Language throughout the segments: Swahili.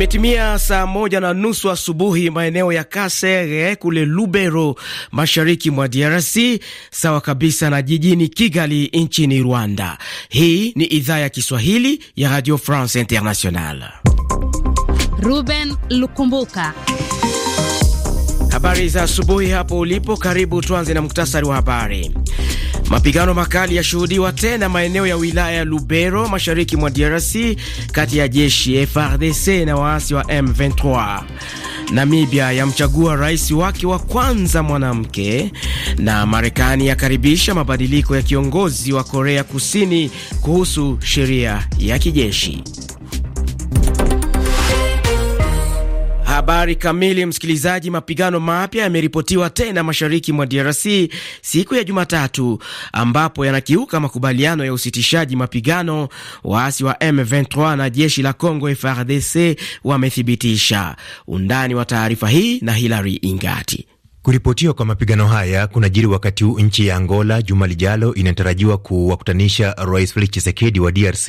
Imetimia saa moja na nusu asubuhi maeneo ya Kasere kule Lubero, mashariki mwa DRC, sawa kabisa na jijini Kigali nchini Rwanda. Hii ni idhaa ya Kiswahili ya Radio France international Ruben Lukumbuka, habari za asubuhi hapo ulipo. Karibu tuanze na muktasari wa habari. Mapigano makali yashuhudiwa tena maeneo ya wilaya ya Lubero mashariki mwa DRC kati ya jeshi frdc na waasi wa M23. Namibia yamchagua rais wake wa kwanza mwanamke, na Marekani yakaribisha mabadiliko ya kiongozi wa Korea Kusini kuhusu sheria ya kijeshi. Habari kamili, msikilizaji. Mapigano mapya yameripotiwa tena mashariki mwa DRC siku ya Jumatatu, ambapo yanakiuka makubaliano ya usitishaji mapigano, waasi wa M23 na jeshi la Congo frdc wamethibitisha. Undani wa taarifa hii na Hilary Ingati. Kuripotiwa kwa mapigano haya kunajiri wakati huu nchi ya Angola juma lijalo inatarajiwa kuwakutanisha Rais Felix Chisekedi wa DRC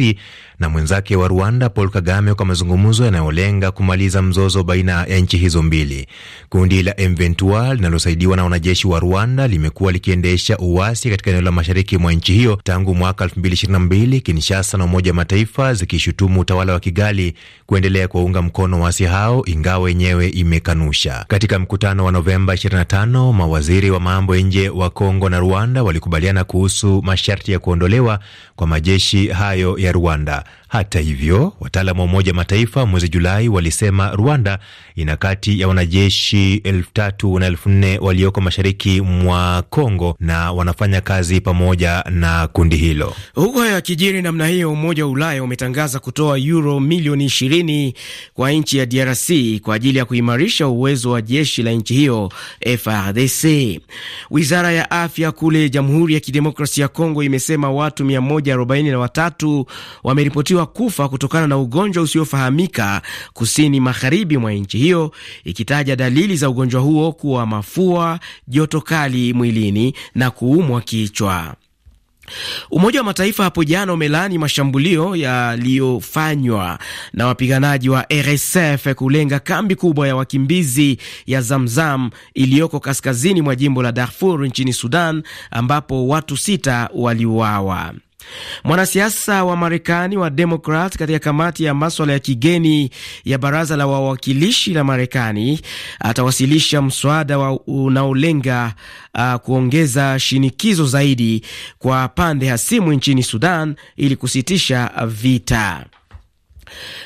na mwenzake wa Rwanda Paul Kagame kwa mazungumzo yanayolenga kumaliza mzozo baina ya nchi hizo mbili. Kundi la M23 linalosaidiwa na wanajeshi wa Rwanda limekuwa likiendesha uasi katika eneo la mashariki mwa nchi hiyo tangu mwaka 2022, Kinshasa na Umoja wa Mataifa zikishutumu utawala wa Kigali kuendelea kuwaunga mkono waasi hao, ingawa yenyewe imekanusha. Katika mkutano wa Novemba Jumatano mawaziri wa mambo ya nje wa Kongo na Rwanda walikubaliana kuhusu masharti ya kuondolewa kwa majeshi hayo ya Rwanda. Hata hivyo, wataalamu wa Umoja Mataifa mwezi Julai walisema Rwanda ina kati ya wanajeshi elfu tatu na elfu nne walioko mashariki mwa congo na wanafanya kazi pamoja na kundi hilo. Huku hayo yakijiri namna hiyo, Umoja wa Ulaya umetangaza kutoa euro milioni 20 kwa nchi ya DRC kwa ajili ya kuimarisha uwezo wa jeshi la nchi hiyo frdc Wizara ya afya kule Jamhuri ya Kidemokrasia ya congo imesema watu 100 143 43 wameripotiwa kufa kutokana na ugonjwa usiofahamika kusini magharibi mwa nchi hiyo, ikitaja dalili za ugonjwa huo kuwa mafua, joto kali mwilini na kuumwa kichwa. Umoja wa Mataifa hapo jana umelaani mashambulio yaliyofanywa na wapiganaji wa RSF kulenga kambi kubwa ya wakimbizi ya Zamzam iliyoko kaskazini mwa jimbo la Darfur nchini Sudan, ambapo watu sita waliuawa. Mwanasiasa wa Marekani wa Demokrat katika kamati ya maswala ya kigeni ya baraza la wawakilishi la Marekani atawasilisha mswada unaolenga uh, kuongeza shinikizo zaidi kwa pande hasimu nchini Sudan ili kusitisha vita.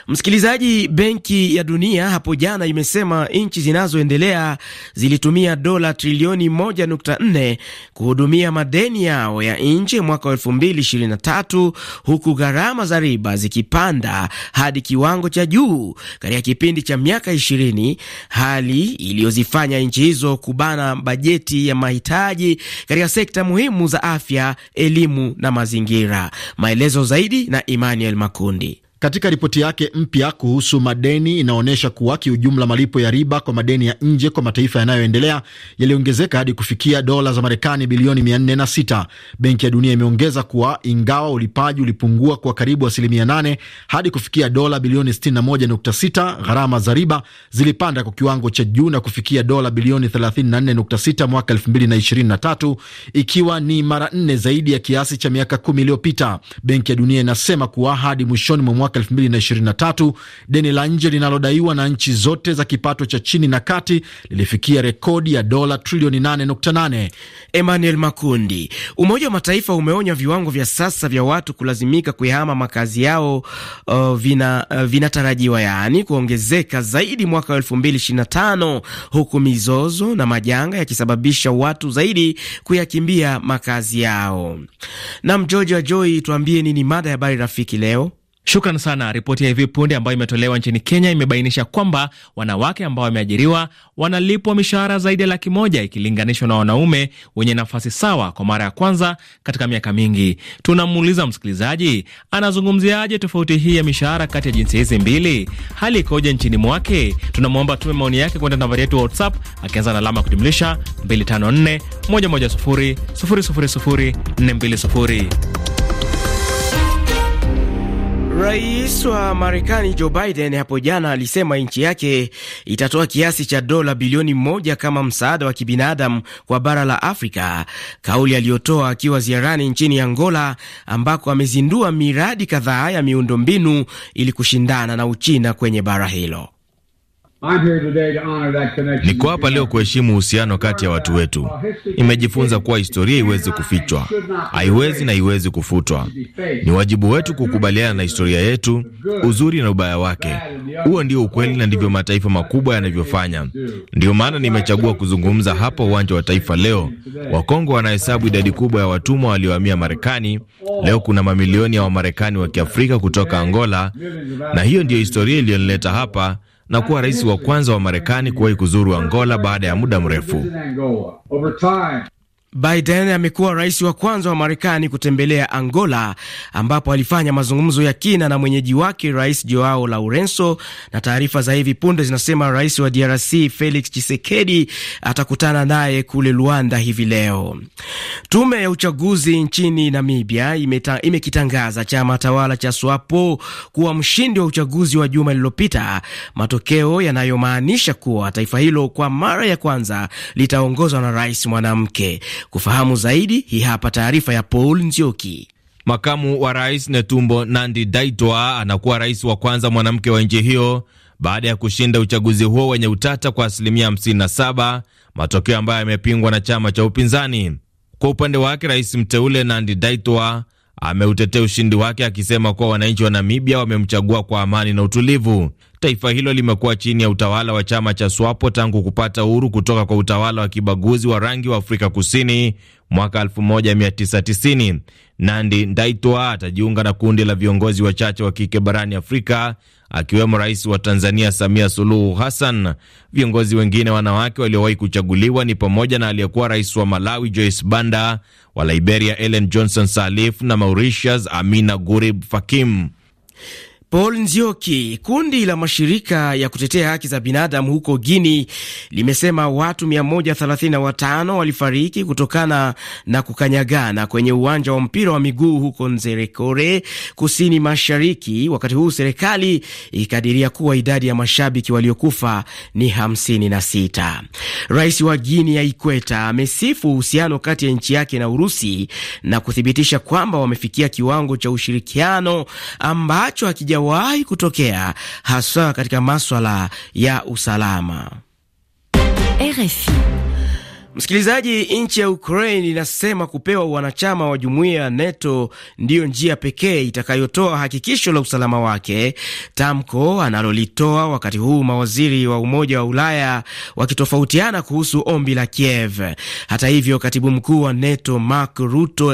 Msikilizaji, Benki ya Dunia hapo jana imesema nchi zinazoendelea zilitumia dola trilioni 1.4 kuhudumia madeni yao ya nje mwaka 2023 huku gharama za riba zikipanda hadi kiwango cha juu katika kipindi cha miaka 20, hali iliyozifanya nchi hizo kubana bajeti ya mahitaji katika sekta muhimu za afya, elimu na mazingira. Maelezo zaidi na Emmanuel Makundi. Katika ripoti yake mpya kuhusu madeni inaonyesha kuwa kiujumla malipo ya riba kwa madeni ya nje kwa mataifa yanayoendelea yaliongezeka hadi kufikia dola za Marekani bilioni 406. Benki ya Dunia imeongeza kuwa ingawa ulipaji ulipungua kwa karibu asilimia 8 hadi kufikia dola bilioni 61.6, gharama za riba zilipanda kwa kiwango cha juu na kufikia dola bilioni 34.6 mwaka 2023, ikiwa ni mara nne zaidi ya kiasi cha miaka kumi iliyopita. Benki ya Dunia inasema kuwa hadi mwishoni mwa mwaka mwaka deni la nje linalodaiwa na nchi zote za kipato cha chini na kati lilifikia rekodi ya dola trilioni 8.8. Emmanuel Makundi. Umoja wa Mataifa umeonya viwango vya sasa vya watu kulazimika kuihama makazi yao uh, vina uh, vinatarajiwa yaani kuongezeka zaidi mwaka wa huku mizozo na majanga yakisababisha watu zaidi kuyakimbia makazi yao. Nam Georgia Joy, tuambie nini mada ya habari rafiki leo? Shukran sana. Ripoti ya hivi punde ambayo imetolewa nchini Kenya imebainisha kwamba wanawake ambao wameajiriwa wanalipwa mishahara zaidi ya laki moja ikilinganishwa na wanaume wenye nafasi sawa kwa mara ya kwanza katika miaka mingi. Tunamuuliza msikilizaji anazungumziaje tofauti hii ya mishahara kati ya jinsia hizi mbili, hali ikoje nchini mwake? Tunamwomba tume maoni yake kwenda nambari yetu WhatsApp akianza na alama ya kujumlisha 254 110 000 420. Rais wa Marekani Joe Biden hapo jana alisema nchi yake itatoa kiasi cha dola bilioni moja kama msaada wa kibinadamu kwa bara la Afrika, kauli aliyotoa akiwa ziarani nchini Angola ambako amezindua miradi kadhaa ya miundombinu ili kushindana na Uchina kwenye bara hilo. Niko hapa leo kuheshimu uhusiano kati ya watu wetu. Nimejifunza kuwa historia iwezi kufichwa, haiwezi na iwezi kufutwa. Ni wajibu wetu kukubaliana na historia yetu, uzuri na ubaya wake. Huo ndio ukweli, na ndivyo mataifa makubwa yanavyofanya. Ndio maana nimechagua kuzungumza hapa uwanja wa Taifa leo. Wakongo wanahesabu idadi kubwa ya watumwa waliohamia Marekani. Leo kuna mamilioni ya Wamarekani wa Kiafrika kutoka Angola, na hiyo ndiyo historia iliyonileta hapa na kuwa rais wa kwanza wa Marekani kuwahi kuzuru Angola baada ya muda mrefu. Biden amekuwa rais wa kwanza wa Marekani kutembelea Angola ambapo alifanya mazungumzo ya kina na mwenyeji wake Rais Joao Lourenco, na taarifa za hivi punde zinasema rais wa DRC Felix Tshisekedi atakutana naye kule Luanda hivi leo. Tume ya uchaguzi nchini Namibia imekitangaza imekitangaza chama tawala cha SWAPO kuwa mshindi wa uchaguzi wa juma lililopita, matokeo yanayomaanisha kuwa taifa hilo kwa mara ya kwanza litaongozwa na rais mwanamke. Kufahamu zaidi, hii hapa taarifa ya Paul Nzioki. Makamu wa rais Netumbo Nandi Daitwa anakuwa rais wa kwanza mwanamke wa nchi hiyo baada ya kushinda uchaguzi huo wenye utata kwa asilimia 57, matokeo ambayo yamepingwa na chama cha upinzani. Kwa upande wake, rais mteule Nandi Daitwa ameutetea ushindi wake akisema kuwa wananchi wa Namibia wamemchagua kwa amani na utulivu. Taifa hilo limekuwa chini ya utawala wa chama cha SWAPO tangu kupata uhuru kutoka kwa utawala wa kibaguzi wa rangi wa Afrika Kusini mwaka 1990. Nandi Ndaitwa atajiunga na kundi la viongozi wachache wa kike barani Afrika akiwemo rais wa Tanzania Samia Suluhu Hassan. Viongozi wengine wanawake waliowahi kuchaguliwa ni pamoja na aliyekuwa rais wa Malawi Joyce Banda, wa Liberia Ellen Johnson Sirleaf na Mauritius Amina Gurib Fakim. Paul Nzioki. Kundi la mashirika ya kutetea haki za binadamu huko Guini limesema watu 135 walifariki kutokana na kukanyagana kwenye uwanja wa mpira wa miguu huko Nzerekore, kusini mashariki, wakati huu serikali ikikadiria kuwa idadi ya mashabiki waliokufa ni 56. Rais wa Guini ya Ikweta amesifu uhusiano kati ya nchi yake na Urusi na kuthibitisha kwamba wamefikia kiwango cha ushirikiano ambacho hakija hayajawahi kutokea haswa katika maswala ya usalama. RFI. Msikilizaji, nchi ya Ukraine inasema kupewa wanachama wa jumuiya ya NATO ndiyo njia pekee itakayotoa hakikisho la usalama wake, tamko analolitoa wakati huu mawaziri wa Umoja wa Ulaya wakitofautiana kuhusu ombi la Kiev. Hata hivyo, katibu mkuu wa NATO Mark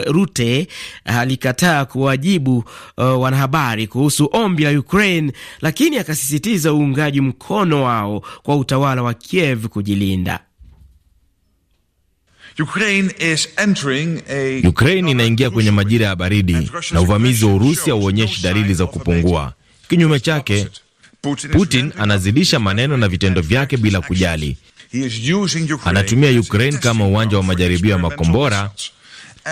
Rutte alikataa kuwajibu uh, wanahabari kuhusu ombi la Ukraine, lakini akasisitiza uungaji mkono wao kwa utawala wa Kiev kujilinda. Ukraine inaingia kwenye majira ya baridi na uvamizi wa Urusi hauonyeshi dalili za kupungua. Kinyume chake, Putin anazidisha maneno na vitendo vyake bila kujali. Anatumia Ukraine kama uwanja wa majaribio ya makombora,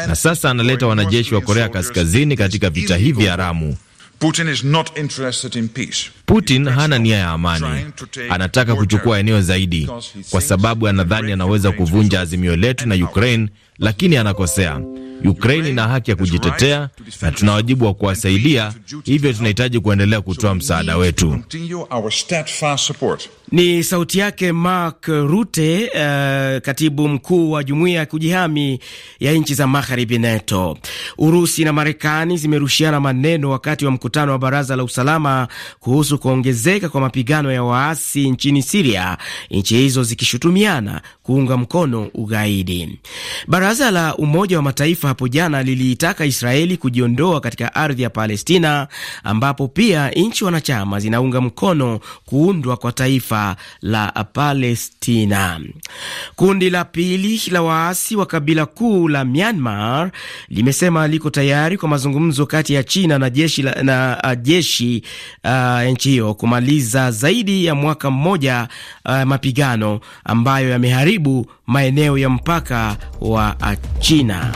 na sasa analeta wanajeshi wa Korea Kaskazini katika vita hivi haramu. Putin, is not interested in peace. Putin hana nia ya amani, anataka kuchukua eneo zaidi, kwa sababu anadhani anaweza kuvunja azimio letu na Ukraine, lakini anakosea. Ukraini ina haki ya kujitetea na tuna wajibu wa kuwasaidia, hivyo tunahitaji kuendelea kutoa msaada wetu. Ni sauti yake Mark Rutte, uh, katibu mkuu wa jumuiya ya kujihami ya nchi za magharibi NATO. Urusi na Marekani zimerushiana maneno wakati wa mkutano wa baraza la usalama kuhusu kuongezeka kwa mapigano ya waasi nchini Siria, nchi hizo zikishutumiana kuunga mkono ugaidi. Baraza la Umoja wa Mataifa hapo jana liliitaka Israeli kujiondoa katika ardhi ya Palestina, ambapo pia nchi wanachama zinaunga mkono kuundwa kwa taifa la Palestina. Kundi la pili la waasi wa kabila kuu la Myanmar limesema liko tayari kwa mazungumzo kati ya China na jeshi la, na uh, jeshi uh, nchi hiyo kumaliza zaidi ya mwaka mmoja uh, mapigano ambayo yameharibu maeneo ya mpaka wa uh, China.